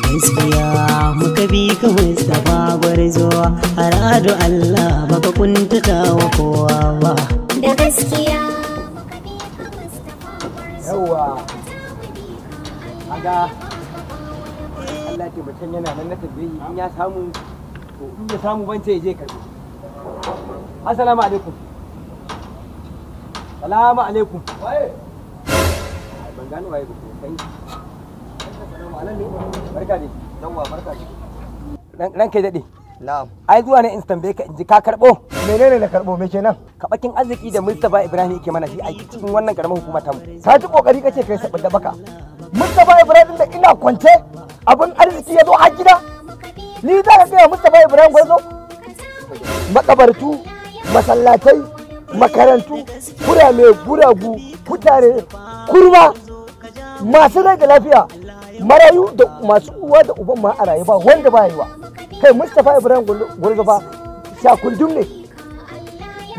gaskiya muka bi ka mustapha gwarzo haradu allah baka kuntata wa kowa ba da gaskiya muka yawa aga allah ke mutum yana nan na tabbayi in ya samu to in ya samu bance ya je karbi assalamu alaikum salamu alaikum waye ban gano waye ba ko ke daɗe na'am ai zuwa ne in bai ka in ji ka karɓo menene na karɓo me kenan kabakin arziki da Mustapha Ibrahim ke mana shi a cikin wannan ƙaramin hukuma ta mu ta ji kokari kace kai sabon da baka Mustapha Ibrahim da ina kwance abin arziki ya zo a gida ni za ka gaya Mustapha Ibrahim gwarzo makabartu masallatai makarantu kura mai guragu kutare kurma masu rage lafiya marayu da masu uwa da uban ma a rayuwa wanda ba yi wa kai mustapha ibrahim gwarzo ba shakundum ne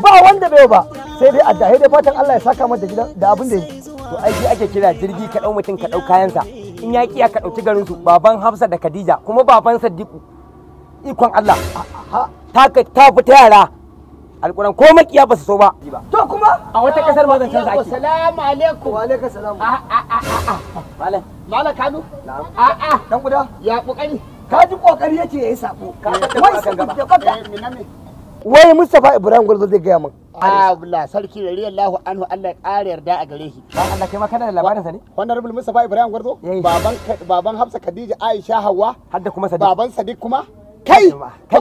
ba wanda bai ba sai dai addahi da fatan allah ya saka mata gidan da abin da yi to aiki ake kira jirgi ka dau mutum ka dau kayansa in ya kiya ka dauki garin su baban hafsa da khadija kuma baban sadiku ikon allah ta ta fita yara alkuran ko makiya ba su so ba to kuma a wata kasar ba zan canza ake assalamu alaikum wa alaikum salam ah, ah, ah, malam malam kano a'a dan guda ya kokari ka ji kokari yace yayi sako eh, wai da kwata eh, wai Mustafa Ibrahim Gwarzo zai gaya min ah, Allah sarki anhu Allah ya ƙara yarda a gare shi dan Allah kai ma kana da labarin sa ne honorable Mustafa Ibrahim eh. baban baban Hafsa Khadija Aisha Hawwa kuma Sadiq baban Sadiq kuma kai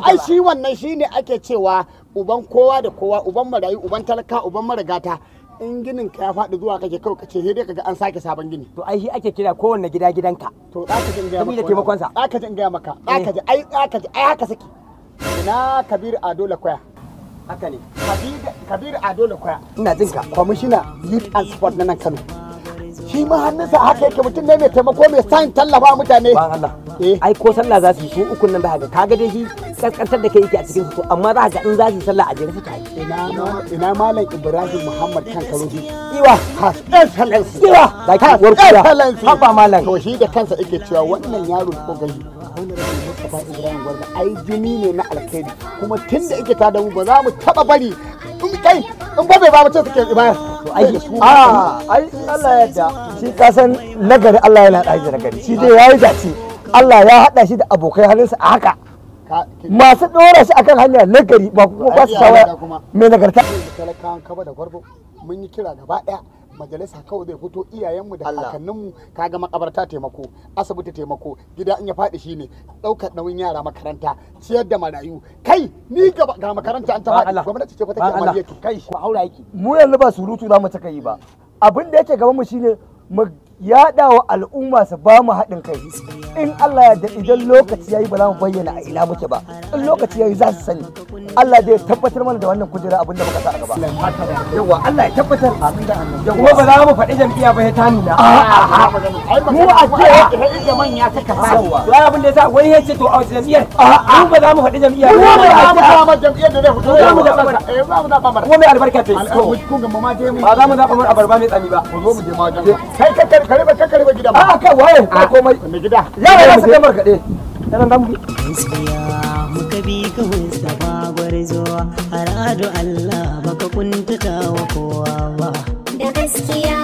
ai shi wannan ake cewa uban kowa da kowa uban marayu uban talaka uban marigata in ginin ka ya faɗi zuwa kake kawai kace sai dai kaga an sake sabon gini to ai shi ake kira kowanne gida gidanka to za ka jin gaya maka taimakon sa za ka jin gaya maka za ka ji ai za ka ji ai haka saki na kabir ado kwaya haka ne kabir ado kwaya ina jin ka kwamishina youth and sport na nan kano shi ma hannunsa haka yake mutum ne mai taimako mai sayin tallafa mutane ba Allah Eh. ai ko sallah za su yi su ukun nan za ga kaga dai shi kaskantar da kai yake a cikin su amma za ga in za su yi sallah a jere suka yi ina malam ibrahim muhammad kan karo shi iwa has excellence iwa da ki war kuya haba malam to shi da kansa yake cewa wannan yaro ko gani Ibrahim Gwarza ai jini ne na alkhairi kuma tun da yake da mu ba za mu taba bari in kai in ba bai ba mutum suke ibaya to ai ah, a ai Allah ya yarda shi kasan nagari Allah yana da nagari shi dai yayi dace Allah ya haɗa shi da abokai halinsa a haka masu ɗora shi akan hanya na gari ba kuma ba su shawaya mai nagarta talakawan kaba da gwarbo mun yi kira gaba ɗaya majalisa kawai zai fito iyayenmu da kakanninmu kaga makabarta taimako asibiti taimako gida in ya faɗi shine ɗaukar nauyin yara makaranta ciyar da marayu kai ni ga makaranta an ta faɗi gwamnati ce fa take amarya kai ku aura yake mu yanzu ba surutu za mu ta kai ba abin da yake gaban mu shine mu yaɗa wa al'umma su ba mu haɗin kai in Allah ya da idan lokaci yayi ba za mu bayyana a ina muke ba in lokaci yayi za su sani Allah zai tabbatar mana da wannan kujera abin da muka sa a gaba yawa Allah ya tabbatar amin da annabi kuma ba za mu faɗi jam'iyya ba ya tani na mu a ce da manya suka sa wai abin da yasa wai yace to a jam'iyyar mu ba za mu faɗi jam'iyya ba mu ba mu ba jam'iyyar da zai fito mu ba za mu zaɓa mara Mu mai albarka ce kun ga mama je mu ba za mu zaɓa mara abarba mai tsami ba mu zo mu je ma kai ka karba ka karba gida ba a kai waye komai gida yara za su kamar Allah baka kowa ba da gaskiya